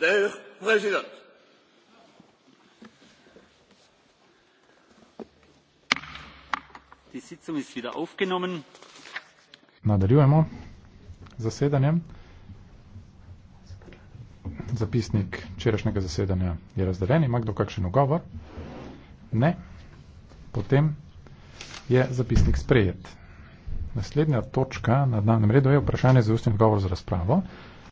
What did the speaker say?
Deur, president. Die Sitzung ist wieder aufgenommen. Nadaljujemo z zasedanjem. Zapisnik včerajšnjega zasedanja je razdeljen. Ima kdo kakšen ogovor? Ne. Potem je zapisnik sprejet. Naslednja točka na dnevnem redu je vprašanje za ustni odgovor za razpravo.